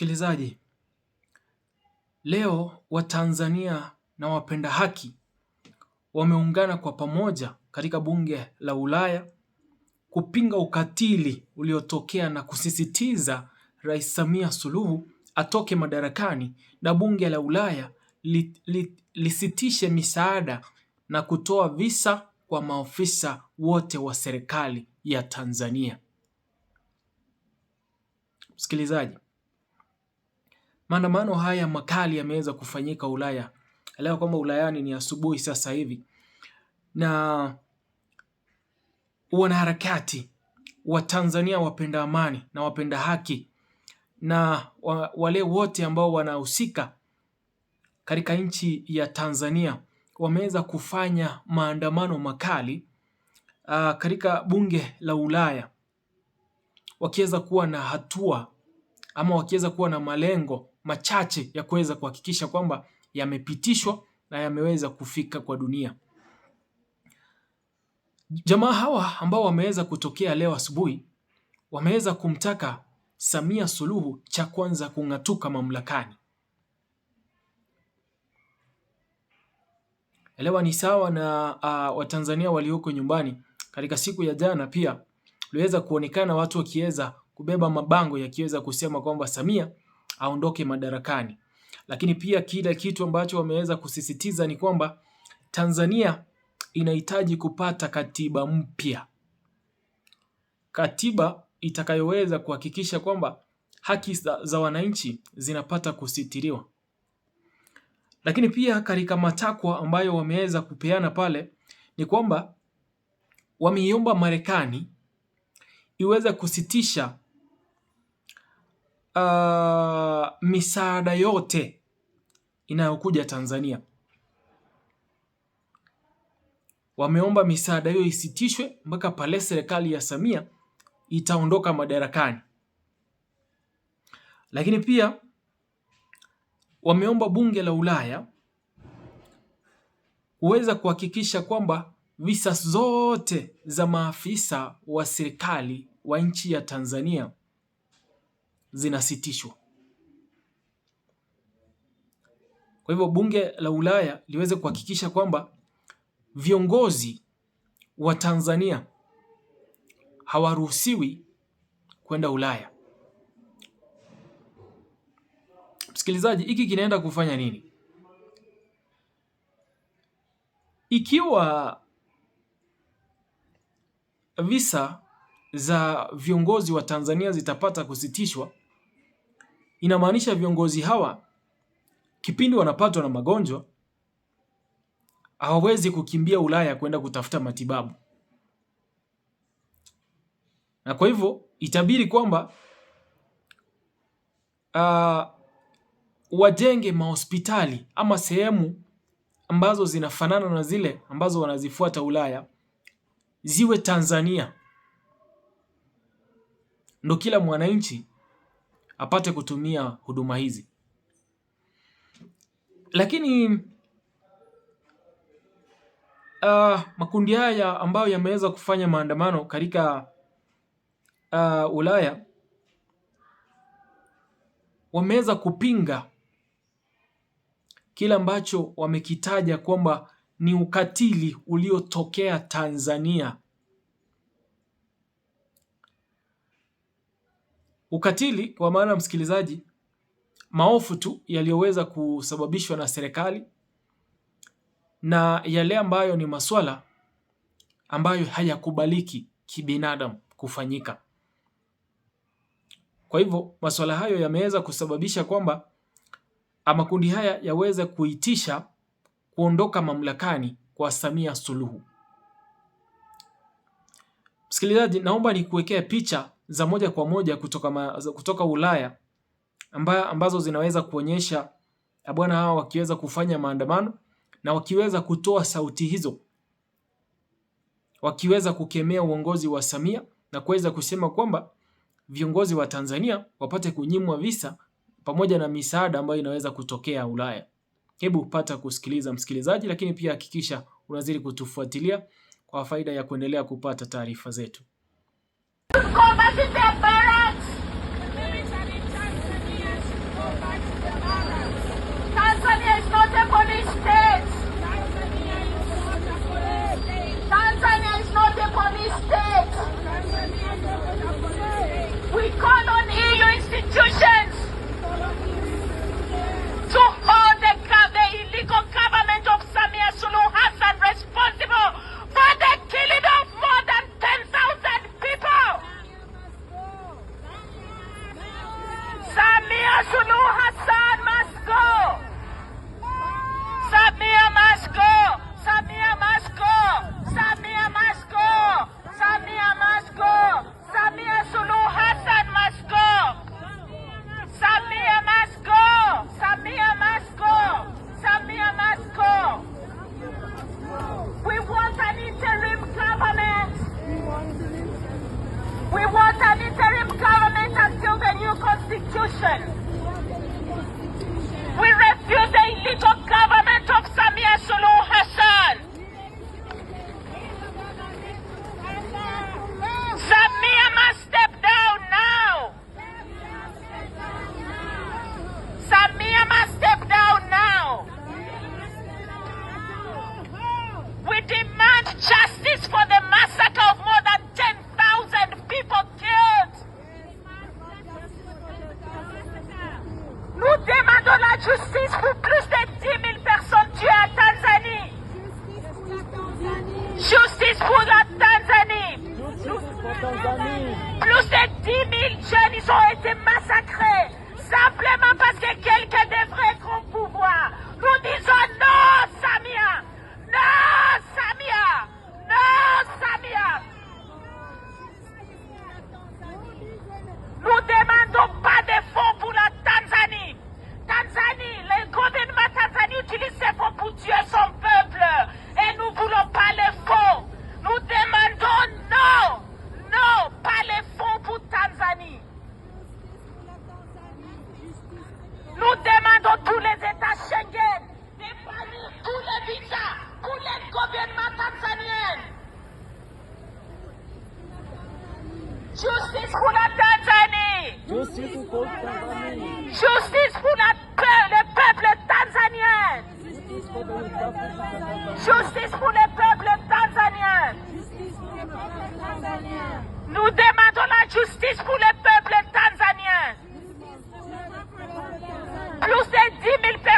Msikilizaji, leo Watanzania na wapenda haki wameungana kwa pamoja katika bunge la Ulaya kupinga ukatili uliotokea na kusisitiza Rais Samia Suluhu atoke madarakani na bunge la Ulaya li, li, lisitishe misaada na kutoa visa kwa maofisa wote wa serikali ya Tanzania. Msikilizaji Maandamano haya makali yameweza kufanyika Ulaya. leo kwamba Ulayani ni asubuhi sasa hivi, na wanaharakati wa Tanzania wapenda amani na wapenda haki na wa, wale wote ambao wanahusika katika nchi ya Tanzania wameweza kufanya maandamano makali uh, katika bunge la Ulaya wakiweza kuwa na hatua ama wakiweza kuwa na malengo machache ya kuweza kuhakikisha kwamba yamepitishwa na yameweza kufika kwa dunia. Jamaa hawa ambao wameweza kutokea leo asubuhi wameweza kumtaka Samia Suluhu cha kwanza kung'atuka mamlakani. Elewa ni sawa na uh, Watanzania walioko nyumbani. Katika siku ya jana pia uliweza kuonekana watu wakiweza kubeba mabango yakiweza kusema kwamba Samia aondoke madarakani. Lakini pia kila kitu ambacho wameweza kusisitiza ni kwamba Tanzania inahitaji kupata katiba mpya, katiba itakayoweza kuhakikisha kwamba haki za, za wananchi zinapata kusitiriwa. Lakini pia katika matakwa ambayo wameweza kupeana pale ni kwamba wameiomba Marekani iweze kusitisha uh, misaada yote inayokuja Tanzania wameomba misaada hiyo isitishwe mpaka pale serikali ya Samia itaondoka madarakani. Lakini pia wameomba bunge la Ulaya kuweza kuhakikisha kwamba visa zote za maafisa wa serikali wa nchi ya Tanzania zinasitishwa. Kwa hivyo bunge la Ulaya liweze kuhakikisha kwamba viongozi wa Tanzania hawaruhusiwi kwenda Ulaya. Msikilizaji, hiki kinaenda kufanya nini? Ikiwa visa za viongozi wa Tanzania zitapata kusitishwa, Inamaanisha viongozi hawa kipindi wanapatwa na magonjwa hawawezi kukimbia Ulaya kwenda kutafuta matibabu, na kwa hivyo itabidi kwamba uh, wajenge mahospitali ama sehemu ambazo zinafanana na zile ambazo wanazifuata Ulaya ziwe Tanzania, ndo kila mwananchi apate kutumia huduma hizi. Lakini uh, makundi haya ambayo yameweza kufanya maandamano katika uh, Ulaya wameweza kupinga kile ambacho wamekitaja kwamba ni ukatili uliotokea Tanzania. Ukatili kwa maana msikilizaji, maofu tu yaliyoweza kusababishwa na serikali na yale ambayo ni masuala ambayo hayakubaliki kibinadamu kufanyika. Kwa hivyo masuala hayo yameweza kusababisha kwamba makundi haya yaweze kuitisha kuondoka mamlakani kwa Samia Suluhu. Msikilizaji, naomba nikuwekea picha za moja kwa moja kutoka, ma, kutoka Ulaya amba, ambazo zinaweza kuonyesha ah, bwana hawa wakiweza kufanya maandamano na wakiweza kutoa sauti hizo, wakiweza kukemea uongozi wa Samia na kuweza kusema kwamba viongozi wa Tanzania wapate kunyimwa visa pamoja na misaada ambayo inaweza kutokea Ulaya. Hebu pata kusikiliza msikilizaji, lakini pia hakikisha unazidi kutufuatilia kwa faida ya kuendelea kupata taarifa zetu. Toma, se prepara. sério. justice pour é plus Justice pour la le peuple tanzanien. Justice pour le peuple tanzanien. Nous demandons la justice pour le peuple tanzanien. Plus de 10 000 personnes.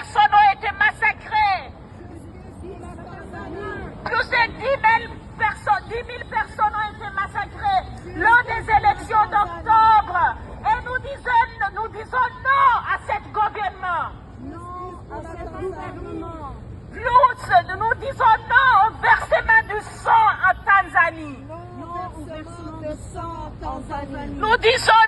bautizo